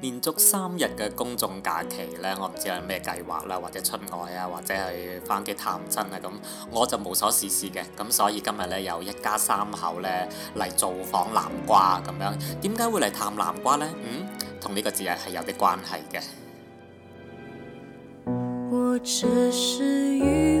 連續三日嘅公眾假期呢，我唔知係咩計劃啦，或者出外啊，或者係翻屋企探親啊，咁我就無所事事嘅。咁所以今日呢，有一家三口呢嚟造訪南瓜咁樣。點解會嚟探南瓜呢？嗯，同呢個節日係有啲關係嘅。我只是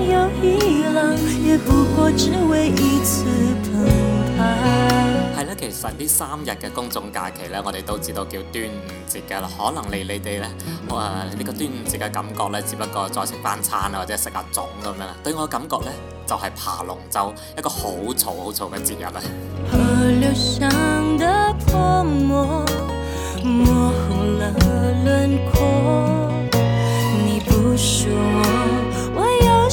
有一浪也不過只為一次澎湃。係啦，其實呢三日嘅公眾假期呢，我哋都知道叫端午節噶啦。可能你你哋呢，我誒呢個端午節嘅感覺呢，只不過再食翻餐啊，或者食下粽咁樣啦。對我嘅感覺呢，就係爬龍舟，一個好嘈好嘈嘅節日啊。河流上的泡沫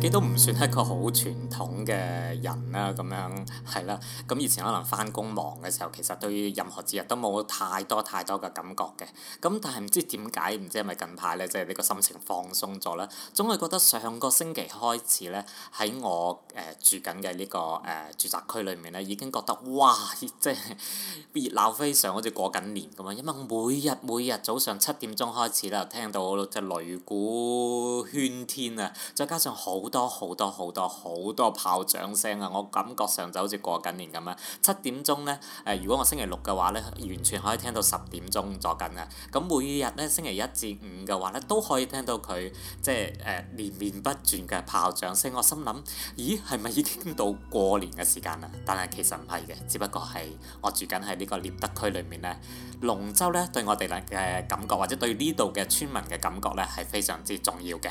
自己都唔算一個好傳統嘅人啦，咁樣係啦。咁以前可能翻工忙嘅時候，其實對於任何節日都冇太多太多嘅感覺嘅。咁但係唔知點解，唔知係咪近排咧，即係呢個心情放鬆咗咧，總係覺得上個星期開始咧，喺我誒、呃、住緊嘅呢個誒、呃、住宅區裏面咧，已經覺得哇，即係熱鬧非常，好似過緊年咁樣！因為我每日每日早上七點鐘開始咧，聽到只擂鼓喧天啊，再加上好～多好多好多好多炮仗聲啊！我感覺上就好似過緊年咁啊。七點鐘呢，誒，如果我星期六嘅話呢，完全可以聽到十點鐘咗緊啊。咁每日呢，星期一至五嘅話呢，都可以聽到佢即係誒、呃、連綿不斷嘅炮仗聲。我心諗，咦，係咪已經到過年嘅時間啦？但係其實唔係嘅，只不過係我住緊喺呢個獵德區裏面咧，龍舟呢，對我哋咧嘅感覺，或者對呢度嘅村民嘅感覺呢，係非常之重要嘅。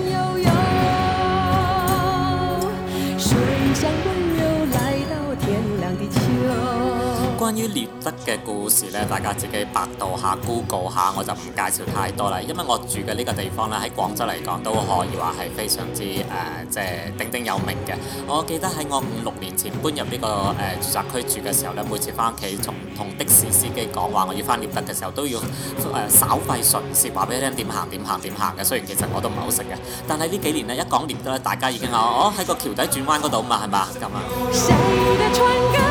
關於獵德嘅故事呢，大家自己百度下、Google 下，我就唔介紹太多啦。因為我住嘅呢個地方呢，喺廣州嚟講都可以話係非常之誒，即、呃、係鼎鼎有名嘅。我記得喺我五六年前搬入呢、這個誒、呃、住宅區住嘅時候呢，每次翻屋企同同的士司機講話，我要翻獵德嘅時候，都要誒、呃、稍費唇舌話俾你聽點行、點行、點行嘅。雖然其實我都唔係好識嘅，但係呢幾年呢，一講獵德咧，大家已經話我喺個橋底轉彎嗰度嘛，係嘛咁啊！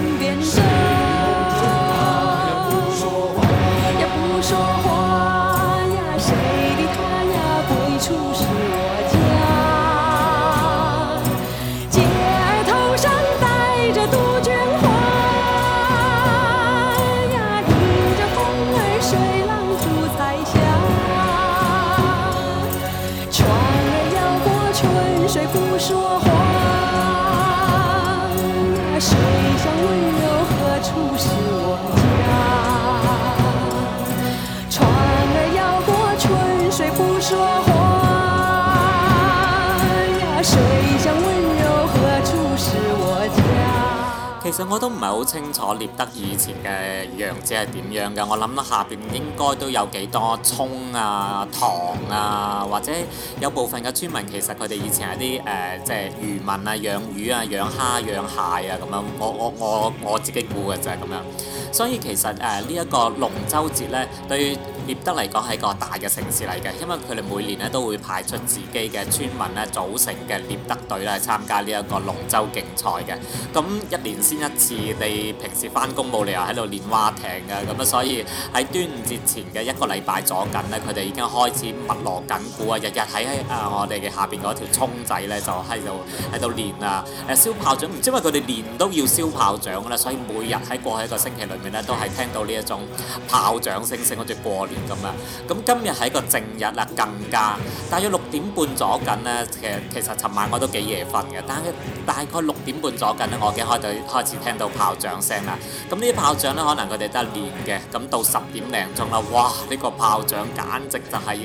其實我都唔係好清楚獵德以前嘅樣子係點樣嘅，我諗下邊應該都有幾多葱啊、糖啊，或者有部分嘅村民其實佢哋以前係啲誒，即係漁民啊、養魚啊、養蝦、養蟹啊咁樣。我我我我自己估嘅就係咁樣，所以其實誒呢一個龍舟節呢對於獵德嚟講係個大嘅城市嚟嘅，因為佢哋每年咧都會派出自己嘅村民咧組成嘅獵德隊咧參加呢一個龍舟競賽嘅。咁一年先一次，你平時翻工冇理由喺度練蛙艇啊，咁啊，所以喺端午節前嘅一個禮拜左近咧，佢哋已經開始密鑼緊鼓啊，日日喺喺啊我哋嘅下邊嗰條湧仔咧就喺度喺度練啊！誒，燒炮仗，唔知因為佢哋練都要燒炮仗啦，所以每日喺過去一個星期裏面咧都係聽到呢一種炮仗聲聲好似過。咁啊，咁今日係一個正日啦，更加大約六點半左緊呢。其實其實尋晚我都幾夜瞓嘅，但係大概六點半左緊呢，我已經開始開始聽到炮仗聲啦。咁呢啲炮仗呢，可能佢哋都係練嘅。咁到十點零鐘啦，哇！呢、呢個炮仗簡直就係、係、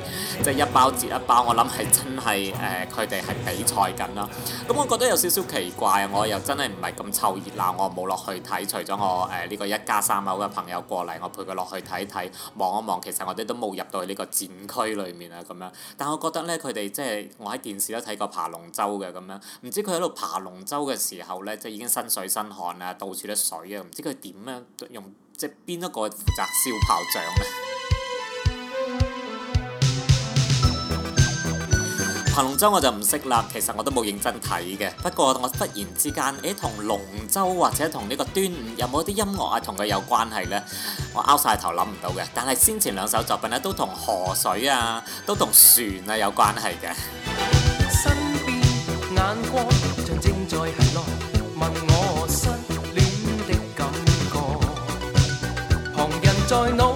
即、就係、一包接一包，我諗係真係佢哋係比賽緊囉。咁、嗯、我覺得有少少奇怪啊，我又真係唔係咁湊熱鬧，我冇落去睇。除咗我呢、呃呢個一家三口嘅朋友過嚟，我陪佢落去睇睇，望一望其其實我哋都冇入到去呢個戰區裏面啊，咁樣。但我覺得咧，佢哋即係我喺電視都睇過爬龍舟嘅咁樣。唔知佢喺度爬龍舟嘅時候咧，即係已經身水身汗啊，到處都水啊！唔知佢點樣用即係邊一個負責燒炮仗咧？行龍舟我就唔識啦，其實我都冇認真睇嘅。不過我忽然之間，誒、欸、同龍舟或者同呢個端午有冇啲音樂啊同佢有關係呢？我拗晒頭諗唔到嘅。但係先前兩首作品呢，都同河水啊，都同船啊有關係嘅。身邊眼光正，正在行問我失戀的感覺旁人在腦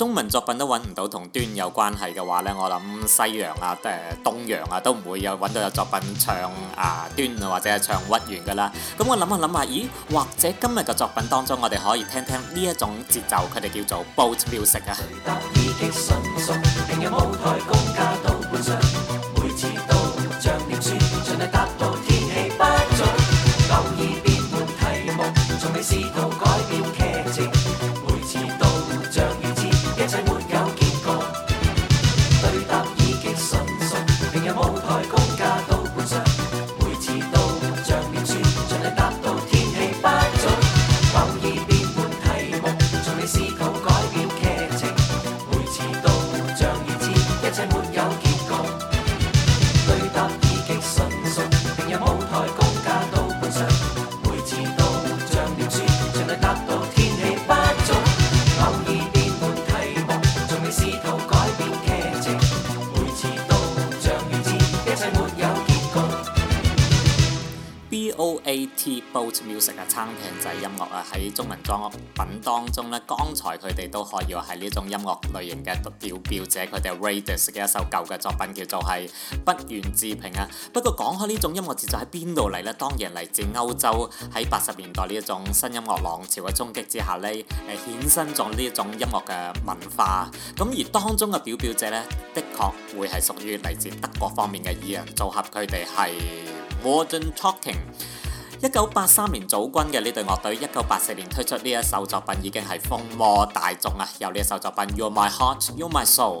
中文作品都揾唔到同端有關係嘅話，呢我諗西洋啊、呃、東洋啊都唔會有揾到有作品唱啊端啊或者係唱屈原噶啦。咁我諗下諗下咦？或者今日嘅作品當中，我哋可以聽聽呢一種節奏，佢哋叫做 boat music 啊。歐洲 music 啊，餐廳仔音樂啊，喺中文作品當中呢，剛才佢哋都可以話係呢種音樂類型嘅表表者，佢哋 Raidas 嘅一首舊嘅作品叫做係不願置評啊。不過講開呢種音樂節奏喺邊度嚟呢？當然嚟自歐洲，喺八十年代呢一種新音樂浪潮嘅衝擊之下呢，誒衍生咗呢一種音樂嘅文化。咁而當中嘅表表者呢，的確會係屬於嚟自德國方面嘅二人組合，佢哋係 Modern Talking。一九八三年組軍嘅呢隊樂隊，一九八四年推出呢一首作品已經係風靡大眾啊！由呢一首作品《You're My Heart, You're My Soul》。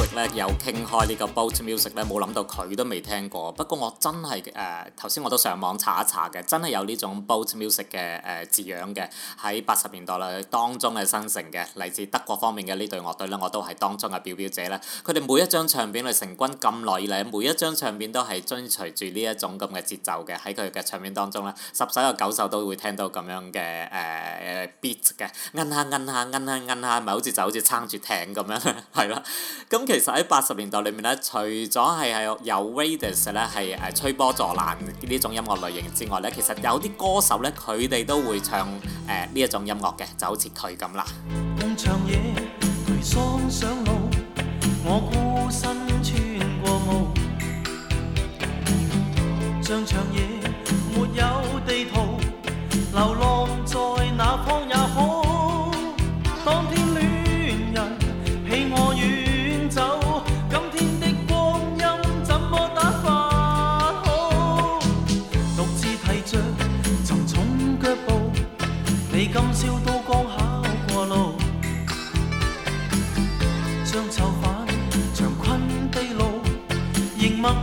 嗯、有傾開呢個 boat music 咧，冇諗到佢都未聽過。不過我真係誒頭先我都上網查一查嘅，真係有呢種 boat music 嘅誒、呃、字樣嘅，喺八十年代啦，當中係生成嘅，嚟自德國方面嘅呢隊樂隊咧，我都係當中嘅表表者。咧。佢哋每一張唱片嚟成軍咁耐以嚟，每一張唱片都係遵循住呢一種咁嘅節奏嘅，喺佢嘅唱片當中咧，十首有九首都會聽到咁樣嘅誒、呃、beat 嘅，摁下摁下摁下摁下，咪、嗯啊嗯啊嗯啊、好似就好似撐住艇咁樣，係 咯，咁。其實喺八十年代裏面咧，除咗係係有 Raidas 咧係誒吹波助瀾呢種音樂類型之外咧，其實有啲歌手咧，佢哋都會唱誒呢一種音樂嘅，就好似佢咁啦。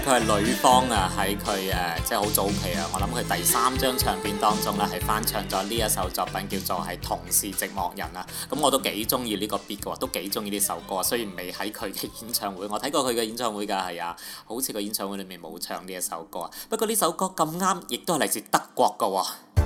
佢係呂方啊，喺佢誒即係好早期啊，我諗佢第三張唱片當中咧係翻唱咗呢一首作品，叫做係《同是寂寞人》啊。咁我都幾中意呢個 beat 喎，都幾中意呢首歌啊。雖然未喺佢嘅演唱會，我睇過佢嘅演唱會㗎，係啊，好似個演唱會裡面冇唱呢一首歌啊。不過呢首歌咁啱，亦都係嚟自德國嘅喎。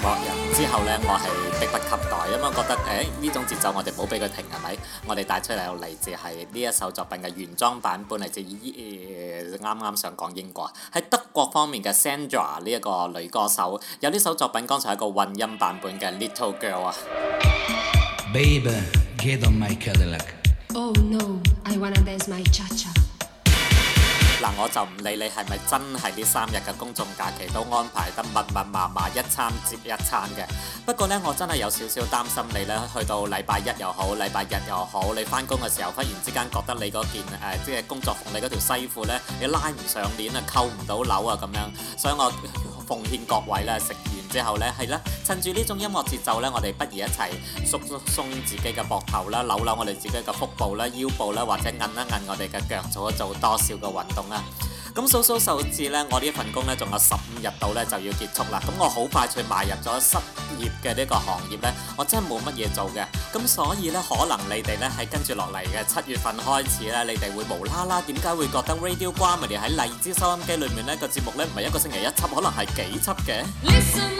之後呢，我係迫不及待，因為我覺得誒呢種節奏，我哋冇俾佢停係咪？我哋帶出嚟有嚟自係呢一首作品嘅原裝版本嚟自，啱啱想講英國喺德國方面嘅 Sandra 呢一個女歌手，有呢首作品剛才係一個混音版本嘅 Little Girl。嗱，我就唔理你係咪真係呢三日嘅公眾假期都安排得密密麻麻，一餐接一餐嘅。不過咧，我真係有少少擔心你咧，去到禮拜一又好，禮拜日又好，你翻工嘅時候忽然之間覺得你嗰件誒即係工作服，你條西褲咧，你拉唔上鏈不啊，扣唔到紐啊，咁樣，所以我 奉勸各位咧食。之後呢，係啦，趁住呢種音樂節奏呢，我哋不如一齊縮縮鬆自己嘅膊頭啦，扭扭我哋自己嘅腹部啦、腰部啦，或者韌一韌我哋嘅腳，做一做多少嘅運動啊！咁數數數字呢，我呢份工呢，仲有十五日到呢，就要結束啦。咁我好快脆賣入咗失業嘅呢個行業呢，我真係冇乜嘢做嘅。咁所以呢，可能你哋呢係跟住落嚟嘅，七月份開始呢，你哋會無啦啦點解會覺得 Radio Grammy 喺荔枝收音機裏面呢、呢個節目呢，唔係一個星期一輯，可能係幾輯嘅？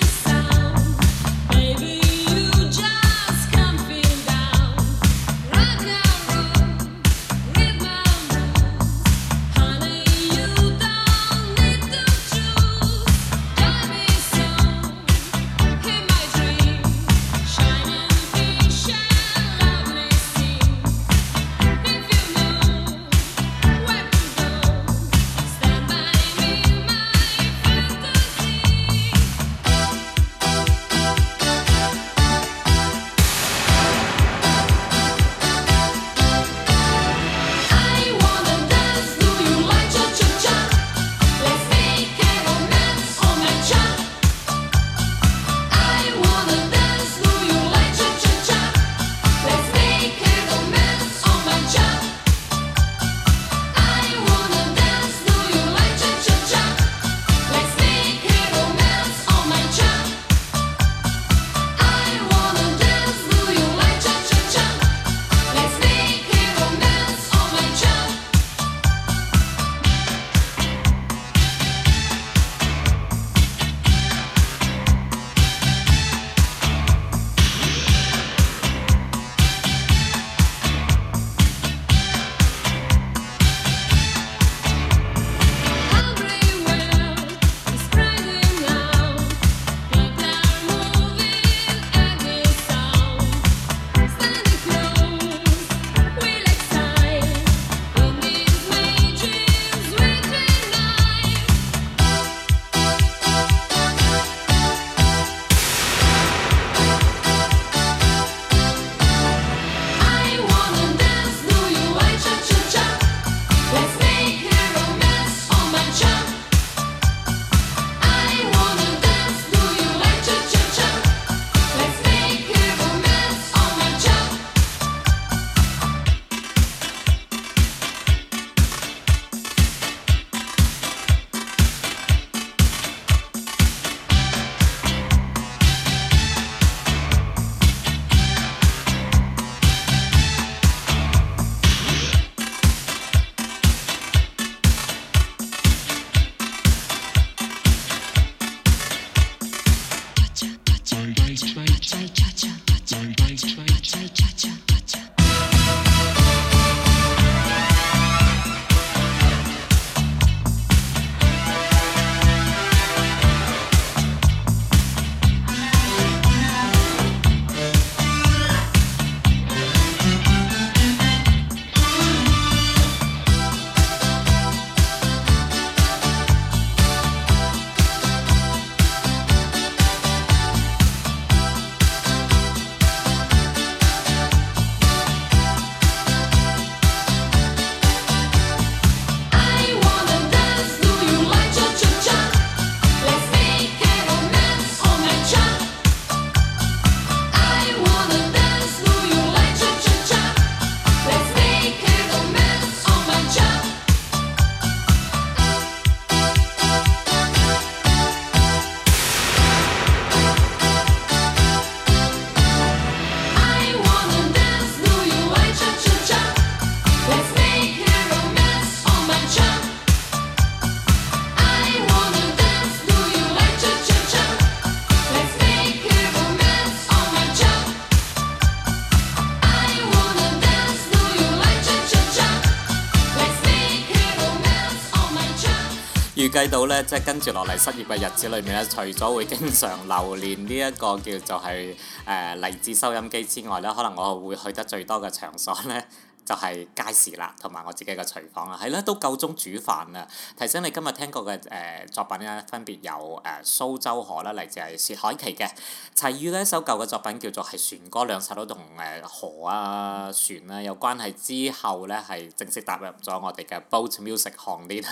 計到咧，即係跟住落嚟失業嘅日子裏面咧，除咗會經常流連呢一個叫做係誒荔枝收音機之外咧，可能我會去得最多嘅場所咧。就係街市啦，同埋我自己嘅廚房啦，係啦，都夠鍾煮飯啦。提醒你今日聽過嘅誒、呃、作品呢，分別有誒、呃、蘇州河啦，嚟自係薛凱琪嘅齊豫呢一首舊嘅作品叫做係船歌，兩首都同誒河啊、船啊有關係。之後呢，係正式踏入咗我哋嘅 boat music 行列。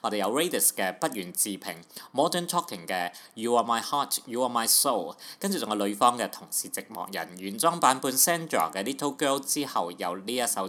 我哋有 Raidas 嘅不願置評，Modern Talking 嘅 You Are My Heart You Are My Soul，跟住仲有呂方嘅《同是寂寞人》原裝版本 Sandra 嘅 Little Girl 之後有呢一首。